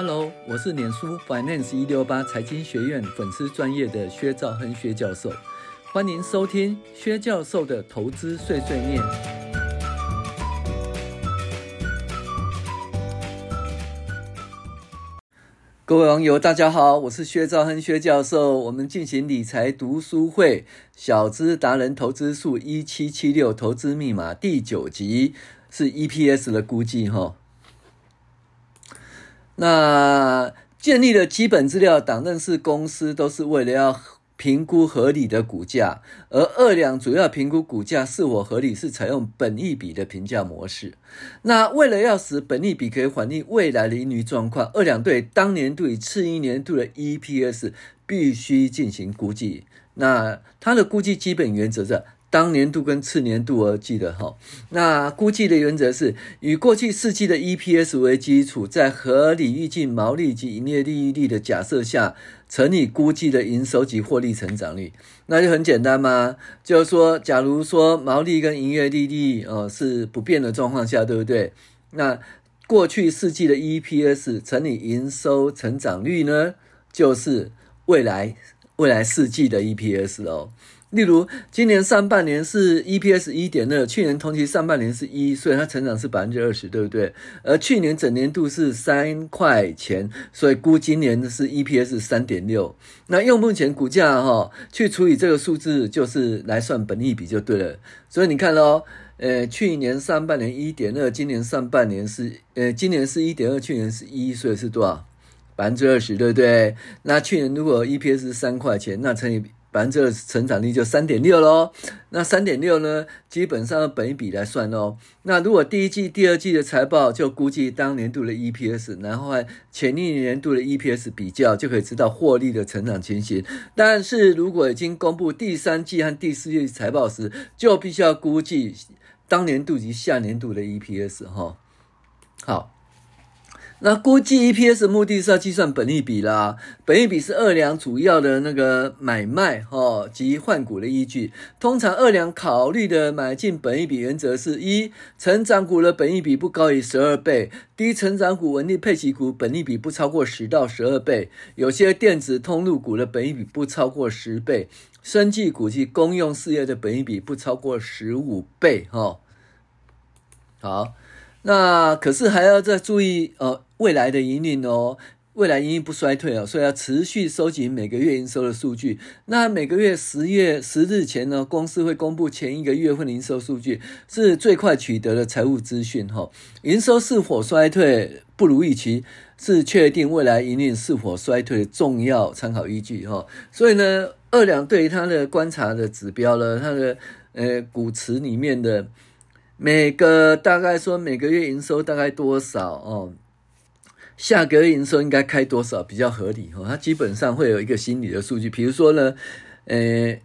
Hello，我是臉書 Finance 一六八財經學院粉絲專頁的薛兆亨薛教授，歡迎收聽薛教授的投資碎碎念。各位網友，大家好，我是薛兆亨薛教授，我們進行理財讀書會，小資達人投資術一七七六投資密碼第九集是 EPS 的估計哈。那建立的基本資料檔，認識公司都是為了要評估合理的股價，而二兩主要評估股價是否合理是採用本益比的評價模式。那為了要使本益比可以反映未來的盈餘狀況，二兩對當年度與次一年度的 EPS 必須進行估計。那它的估計基本原則是，當年度跟次年度而記得哈，那估計的原則是以過去四季的 EPS 為基礎，在合理預計毛利及營業利益率的假設下，乘以估計的營收及獲利成長率，那就很簡單嘛。就是說，假如說毛利跟營業利益率呃、哦、是不變的狀況下，對不對？那過去四季的 EPS 乘以營收成長率呢，就是未來未來四季的 EPS 哦。例如，今年上半年是 EPS 一點二，去年同期上半年是一，所以它成長是百分之二十，對不對？而去年整年度是三塊錢，所以估今年是 EPS 三點六。那用目前股價哈、哦、去除以這個數字，就是來算本益比就對了。所以你看咯，呃，去年上半年一點二，今年上半年是呃，今年是一點二，去年是一，所以是多少？百分之二十，對不對？那去年如果 EPS 三塊錢，那乘以。反正成長率就三點六嘍，那三點六呢，基本上本益比來算哦，那如果第一季、第二季的財報就估計當年度的 EPS，然後還前一年度的 EPS 比較，就可以知道獲利的成長情形。但是如果已經公布第三季和第四季財報時，就必須要估計當年度及下年度的 EPS 哈。好。那估計 EPS 目的是要計算本益比啦，本益比是二兩主要的那個買賣哈、哦、及換股的依據。通常二兩考慮的買進本益比原則是一，成長股的本益比不高於十二倍，低成長股、穩定配息股本益比不超過十到十二倍，有些電子通路股的本益比不超過十倍，生技股及公用事業的本益比不超過十五倍哈、哦。好，那可是還要再注意呃、哦未來的營運哦，未來營運不衰退哦，所以要持續收集每個月營收的數據。那每個月十月十日前呢，公司會公布前一個月份的營收數據，是最快取得的財務資訊哈、哦。營收是否衰退不如預期，是確定未來營運是否衰退的重要參考依據哈、哦。所以呢，二兩對於他的觀察的指標呢，他的呃股池裡面的每個大概說每個月營收大概多少哦？下個月營收應該開多少比較合理？哈、哦，它基本上會有一個心理的數據。比如說呢，呃、欸，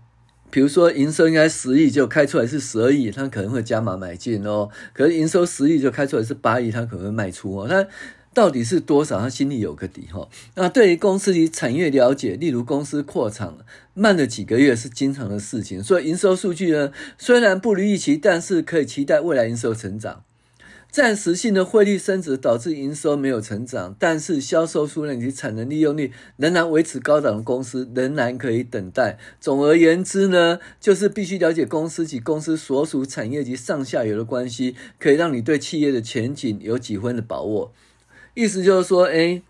比如說營收應該十億就開出來是十二億，它可能會加碼買進哦。可是營收十億就開出來是八億，它可能會賣出哦。它到底是多少？它心裡有個底哈、哦。那對於公司及產業了解，例如公司擴廠，慢了幾個月是經常的事情，所以營收數據呢雖然不如預期，但是可以期待未來營收成長。暫時性的匯率升值導致營收沒有成長，但是銷售數量及產能利用率仍然維持高檔的公司仍然可以等待。總而言之呢，就是必須了解公司及公司所屬產業及上下游的關係，可以讓你對企業的前景有幾分的把握。意思就是說，哎、欸。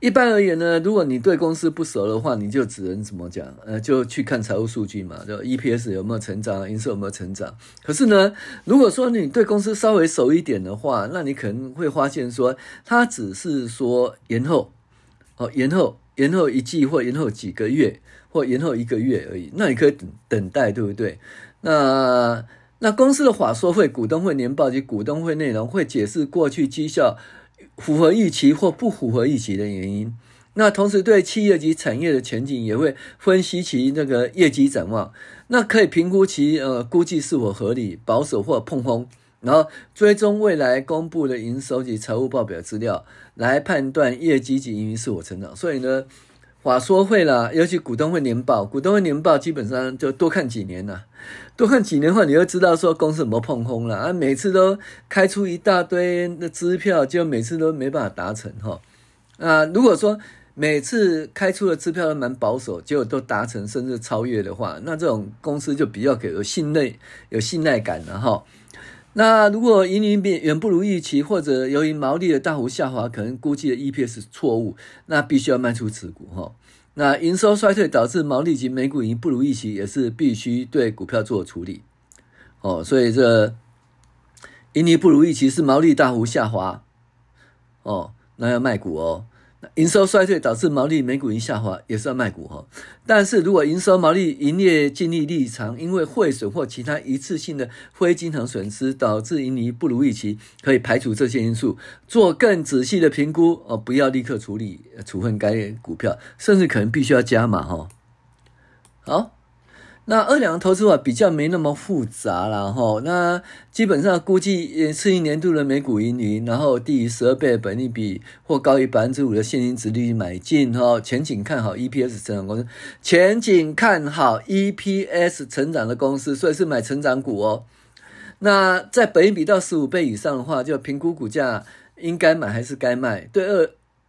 一般而言呢，如果你對公司不熟的話，你就只能怎麼講？呃，就去看財務數據嘛，就 EPS 有沒有成長，營收有沒有成長。可是呢，如果說你對公司稍微熟一點的話，那你可能會發現說，它只是說延後，哦，延後延後一季或延後幾個月或延後一個月而已。那你可以等等待，對不對？那那公司的法說會、股東會年報及股東會內容會解釋過去績效。符合預期或不符合預期的原因，那同時對企業及產業的前景也會分析其那個業績展望，那可以評估其呃估計是否合理、保守或膨風，然後追蹤未來公布的營收及財務報表資料，來判斷業績及營運是否成長。所以呢。法說會啦，尤其股東會年報，股東會年報基本上就多看幾年了，啊，多看幾年的話，你就知道說公司有沒有膨風了啊。每次都開出一大堆的支票，結果每次都沒辦法達成哈。啊，如果說每次開出的支票都蠻保守，結果都達成甚至超越的話，那這種公司就比較給信有信賴有信賴感的，啊、哈。那如果盈利並遠不如預期，或者由於毛利的大幅下滑，可能估計的 EPS 是錯誤，那必須要賣出此股哈。那營收衰退導致毛利及每股盈利不如預期，也是必須對股票做處理哦。所以這盈利不如預期是毛利大幅下滑哦，那要賣股哦。營收衰退導致毛利每股一下滑，也是要賣股哈。但是如果營收、毛利、營業淨利率長因為匯損或其他一次性的非經常損失導致盈利不如預期，可以排除這些因素，做更仔細的評估哦，不要立刻處理處分該股票，甚至可能必須要加碼哈。好。那二兩投資法比較沒那麼複雜啦。吼，那基本上估計也次一年度的每股盈餘，然後低於十二倍的本益比或高於百分之五的現金殖利率買進吼，前景看好 EPS 成長公司，前景看好 EPS 成長的公司，所以是買成長股哦、喔。那在本益比到十五倍以上的話，就評估股價應該買還是該賣？對二。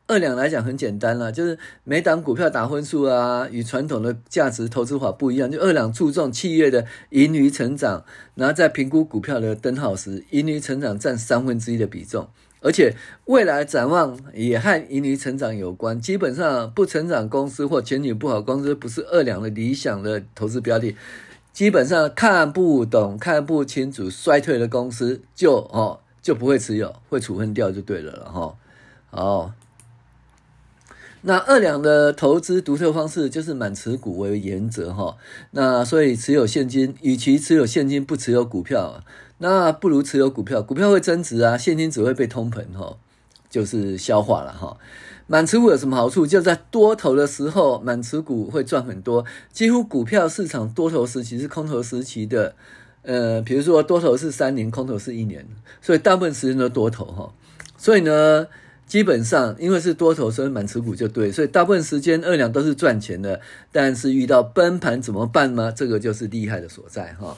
二兩來講很簡單啦。就是每檔股票打分數啊，與傳統的價值投資法不一樣。就二兩注重企業的盈餘成長，然後在評估股票的燈號時，盈餘成長占三分之一的比重，而且未來展望也和盈餘成長有關。基本上不成長公司或前景不好公司不是二兩的理想的投資標的。基本上看不懂、看不清楚衰退的公司就哦就不會持有，會處分掉就對了了哈哦。那二兩的投資獨特方式就是滿持股為原則哈，那所以持有現金，與其持有現金不持有股票，那不如持有股票，股票會增值啊，現金只會被通膨哈，就是消化了哈。滿持股有什麼好處？就在多頭的時候，滿持股會賺很多，幾乎股票市場多頭時期是空頭時期的，呃，比如說多頭是三年，空頭是一年，所以大部分時間都多頭哈，所以呢。基本上，因為是多頭，所以滿持股就對，所以大部分時間二兩都是賺錢的。但是遇到崩盤怎麼辦嗎？這個就是厲害的所在哈、哦。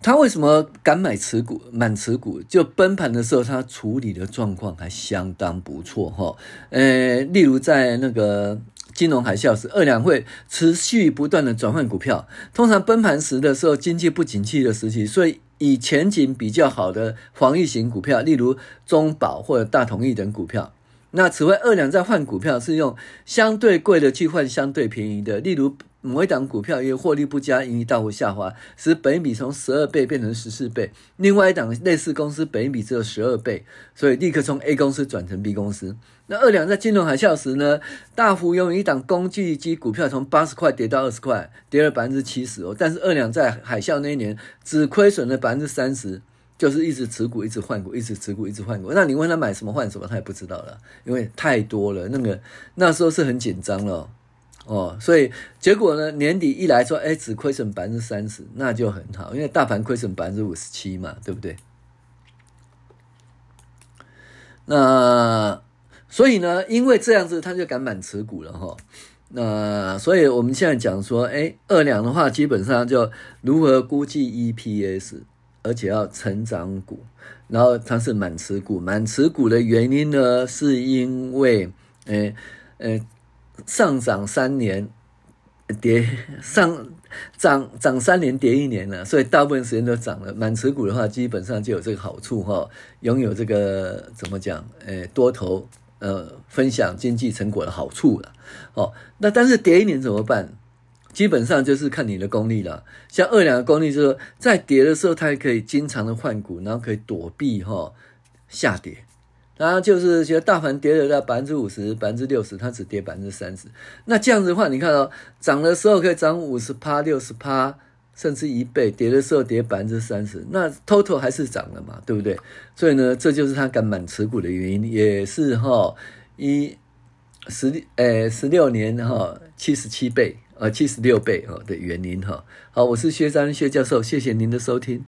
他為什麼敢買持股滿持股？就崩盤的時候，他處理的狀況還相當不錯哈。呃、哦，例如在那個。金融海嘯時，二兩會持續不斷的轉換股票，通常崩盤時的時候，經濟不景氣的時期，所以以前景比較好的防禦型股票，例如中保或者大統益等股票。那此外，二兩在換股票是用相對貴的去換相對便宜的。例如某一檔股票因為獲利不佳，盈利大幅下滑，使本益比從十二倍變成十四倍。另外一檔類似公司本益比只有十二倍，所以立刻從 A 公司轉成 B 公司。那二兩在金融海嘯時呢，大幅用於一檔工具機股票從八十塊跌到二十塊，跌了百分之七十哦。但是二兩在海嘯那一年只虧損了百分之三十。就是一直持股，一直換股，一直持股，一直換股。那你問他買什麼換什麼，他也不知道了，因為太多了。那個那時候是很緊張了，哦，所以結果呢，年底一來說，哎、欸，只虧損百分之三十，那就很好，因為大盤虧損百分之五十七嘛，對不對？那所以呢，因為這樣子，他就敢滿持股了哈、哦。那所以我們現在講說，哎、欸，二兩的話，基本上就如何估計 EPS。而且要成長股，然後它是滿持股。滿持股的原因呢，是因為，哎，呃，上漲三年，跌上漲漲三年跌一年了，所以大部分時間都漲了。滿持股的話，基本上就有這個好處哈、哦，擁有這個怎麼講？誒，多頭呃，分享經濟成果的好處了。哦，那但是跌一年怎麼辦？基本上就是看你的功力了，像二兩的功力，就是說在跌的時候，他還可以經常的換股，然後可以躲避哈、哦、下跌。然後就是覺得大盤跌了到百分之五十、百分之六十，他只跌百分之三十。那這樣子的話，你看哦，漲的時候可以漲五十趴、六十趴，甚至一倍；跌的時候跌百分之三十，那 total 還是漲了嘛，對不對？所以呢，這就是他敢滿持股的原因，也是哈、哦、一十呃十六年哈七十七倍。呃，七十六倍哈、哦、的原因哈、哦，好，我是薛章薛教授，謝謝您的收聽。